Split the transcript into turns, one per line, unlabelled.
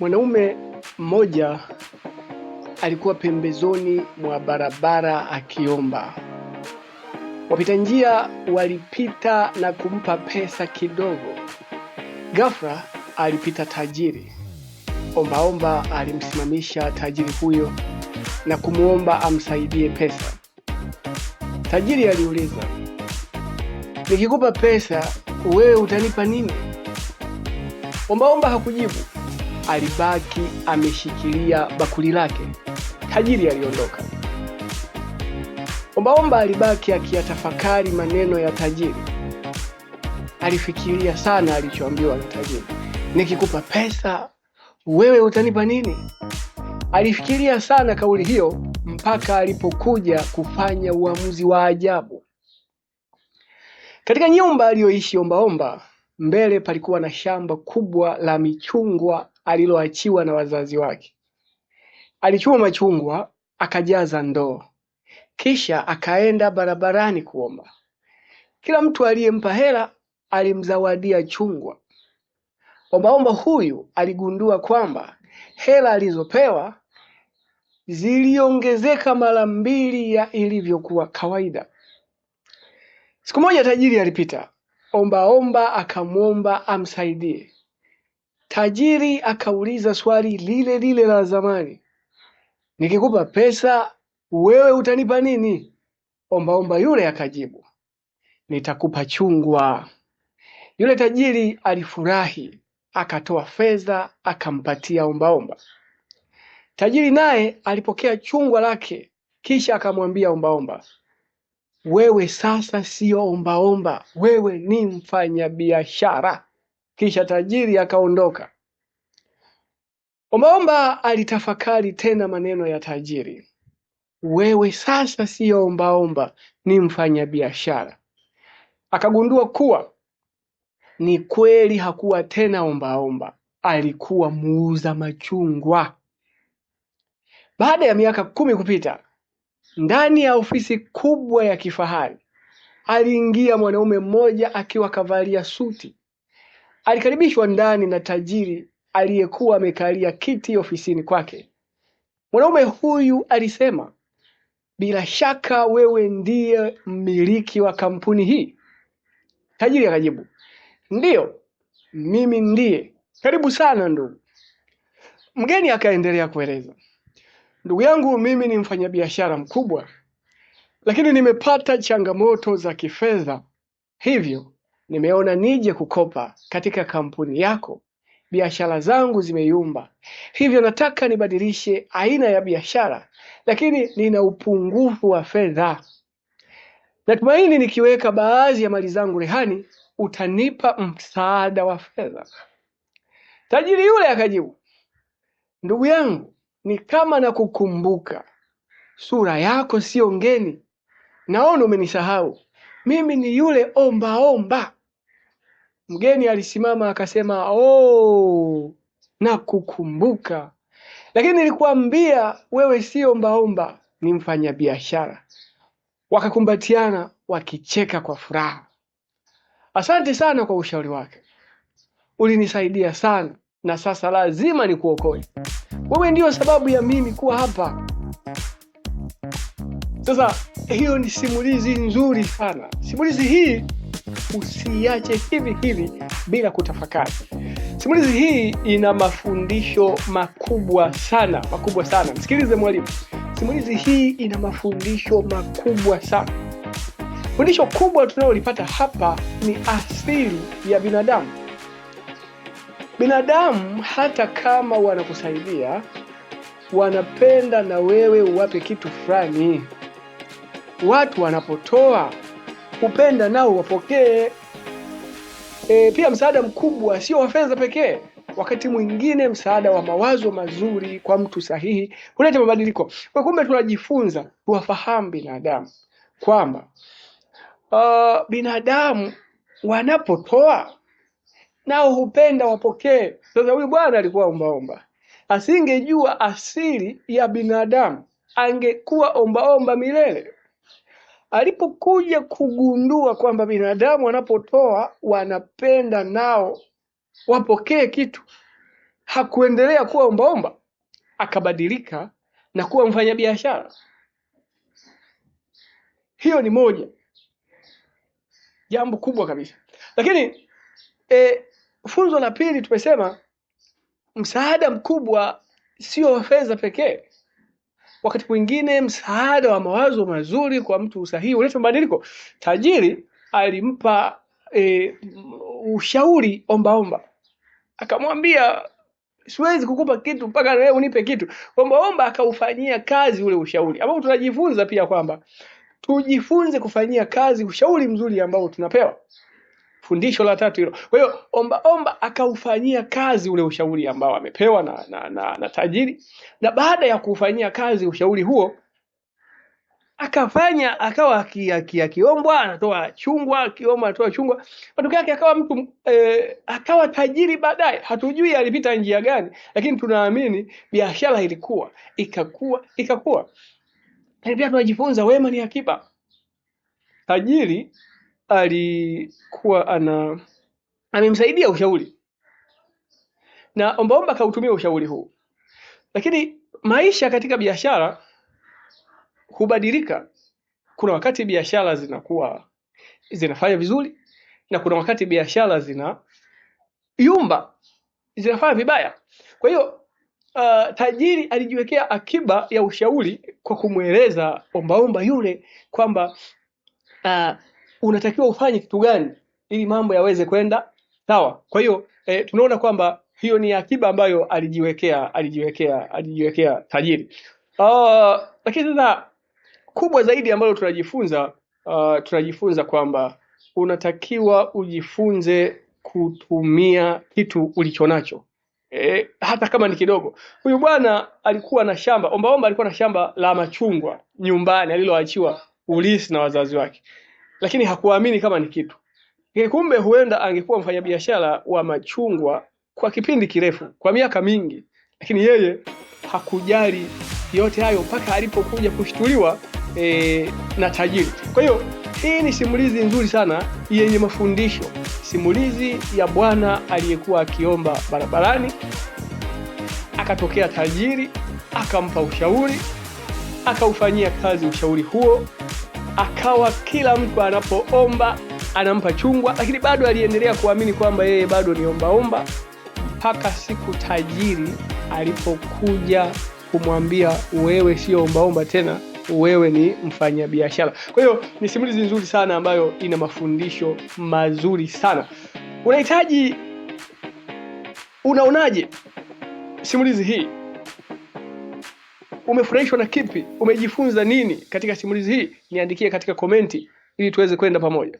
Mwanaume mmoja alikuwa pembezoni mwa barabara akiomba. Wapita njia walipita na kumpa pesa kidogo. Ghafla alipita tajiri. Ombaomba alimsimamisha tajiri huyo na kumwomba amsaidie pesa. Tajiri aliuliza, nikikupa pesa wewe utanipa nini? Ombaomba hakujibu alibaki ameshikilia bakuli lake. Tajiri aliondoka. Ombaomba alibaki akiyatafakari maneno ya tajiri. Alifikiria sana alichoambiwa na tajiri. Nikikupa pesa wewe utanipa nini? Alifikiria sana kauli hiyo mpaka alipokuja kufanya uamuzi wa ajabu. Katika nyumba aliyoishi ombaomba, mbele palikuwa na shamba kubwa la michungwa aliloachiwa na wazazi wake alichuma machungwa akajaza ndoo kisha akaenda barabarani kuomba kila mtu aliyempa hela alimzawadia chungwa ombaomba huyu aligundua kwamba hela alizopewa ziliongezeka mara mbili ya ilivyokuwa kawaida siku moja tajiri alipita ombaomba akamwomba amsaidie Tajiri akauliza swali lile lile la zamani, nikikupa pesa wewe utanipa nini? Ombaomba yule akajibu, nitakupa chungwa. Yule tajiri alifurahi, akatoa fedha akampatia ombaomba. Tajiri naye alipokea chungwa lake, kisha akamwambia ombaomba, wewe sasa siyo ombaomba, wewe ni mfanyabiashara. Kisha tajiri akaondoka. Ombaomba alitafakari tena maneno ya tajiri, wewe sasa siyo ombaomba, ni mfanyabiashara. Akagundua kuwa ni kweli hakuwa tena ombaomba, alikuwa muuza machungwa. Baada ya miaka kumi kupita, ndani ya ofisi kubwa ya kifahari aliingia mwanaume mmoja akiwa kavalia suti Alikaribishwa ndani na tajiri aliyekuwa amekalia kiti ofisini kwake. Mwanaume huyu alisema, bila shaka wewe ndiye mmiliki wa kampuni hii? Tajiri akajibu, ndiyo, mimi ndiye. Karibu sana ndugu. Mgeni akaendelea kueleza, ndugu yangu, mimi ni mfanyabiashara mkubwa, lakini nimepata changamoto za kifedha, hivyo nimeona nije kukopa katika kampuni yako, biashara zangu zimeyumba, hivyo nataka nibadilishe aina ya biashara, lakini nina upungufu wa fedha. Natumaini nikiweka baadhi ya mali zangu rehani utanipa msaada wa fedha. Tajiri yule akajibu, ndugu yangu, ni kama nakukumbuka, sura yako siyo ngeni, naona umenisahau. Mimi ni yule ombaomba omba. Mgeni alisimama akasema, oh, nakukumbuka, lakini nilikuambia wewe sio mbaomba, ni mfanyabiashara. Wakakumbatiana wakicheka kwa furaha. Asante sana kwa ushauri wake, ulinisaidia sana, na sasa lazima nikuokoe. Wewe ndiyo sababu ya mimi kuwa hapa. Sasa hiyo ni simulizi nzuri sana. Simulizi hii usiache hivi hivi bila kutafakari. Simulizi hii ina mafundisho makubwa sana makubwa sana. Msikilize mwalimu, simulizi hii ina mafundisho makubwa sana. Fundisho kubwa tunalolipata hapa ni asili ya binadamu. Binadamu hata kama wanakusaidia, wanapenda na wewe uwape kitu fulani. Watu wanapotoa kupenda nao wapokee. E, pia msaada mkubwa sio wa fedha pekee. Wakati mwingine msaada wa mawazo mazuri kwa mtu sahihi huleta mabadiliko. Kwa kumbe, tunajifunza tuwafahamu binadamu kwamba uh, binadamu wanapotoa nao hupenda wapokee. Sasa huyu bwana alikuwa ombaomba, asingejua asili ya binadamu angekuwa ombaomba milele alipokuja kugundua kwamba binadamu wanapotoa wanapenda nao wapokee kitu, hakuendelea kuwa ombaomba, akabadilika na kuwa mfanyabiashara. Hiyo ni moja jambo kubwa kabisa, lakini e, funzo la pili tumesema msaada mkubwa sio fedha pekee. Wakati mwingine msaada wa mawazo mazuri kwa mtu sahihi huleta mabadiliko. Tajiri alimpa e, ushauri ombaomba, akamwambia siwezi kukupa kitu mpaka wewe unipe kitu. Ombaomba akaufanyia kazi ule ushauri, ambao tunajifunza pia kwamba tujifunze kufanyia kazi ushauri mzuri ambao tunapewa. Fundisho la tatu hilo. Kwa hiyo omba omba akaufanyia kazi ule ushauri ambao amepewa na, na, na, na tajiri, na baada ya kuufanyia kazi ushauri huo akafanya akawa akiombwa anatoa chungwa, akiomba anatoa chungwa. Matokeo yake akawa mtu e, akawa tajiri baadaye. Hatujui alipita njia gani, lakini tunaamini biashara ilikuwa ikakua ikakua. pia tunajifunza wema ni akiba. Tajiri alikuwa ana amemsaidia ushauri na ombaomba akautumia ushauri huu, lakini maisha katika biashara hubadilika. Kuna wakati biashara zinakuwa zinafanya vizuri na kuna wakati biashara zina yumba, zinafanya vibaya. Kwa hiyo uh, tajiri alijiwekea akiba ya ushauri kwa kumweleza ombaomba yule kwamba uh, unatakiwa ufanye kitu gani ili mambo yaweze kwenda sawa. Kwa hiyo e, tunaona kwamba hiyo ni akiba ambayo alijiwekea alijiwekea alijiwekea tajiri. Uh, lakini sasa kubwa zaidi ambalo tunajifunza uh, tunajifunza kwamba unatakiwa ujifunze kutumia kitu ulichonacho e, hata kama ni kidogo. Huyu bwana alikuwa na shamba ombaomba, omba alikuwa na shamba la machungwa nyumbani aliloachiwa ulisi na wazazi wake lakini hakuamini kama ni kitu. Kumbe huenda angekuwa mfanyabiashara wa machungwa kwa kipindi kirefu, kwa miaka mingi, lakini yeye hakujali yote hayo mpaka alipokuja kushtuliwa e, na tajiri. Kwa hiyo hii ni simulizi nzuri sana yenye mafundisho, simulizi ya bwana aliyekuwa akiomba barabarani, akatokea tajiri, akampa ushauri, akaufanyia kazi ushauri huo akawa kila mtu anapoomba anampa chungwa, lakini bado aliendelea kuamini kwamba yeye bado ni ombaomba mpaka siku tajiri alipokuja kumwambia, wewe sio ombaomba tena, wewe ni mfanyabiashara. Kwa hiyo ni simulizi nzuri sana ambayo ina mafundisho mazuri sana. Unahitaji, unaonaje simulizi hii? Umefurahishwa na kipi? Umejifunza nini katika simulizi hii? Niandikie katika komenti ili tuweze kwenda pamoja.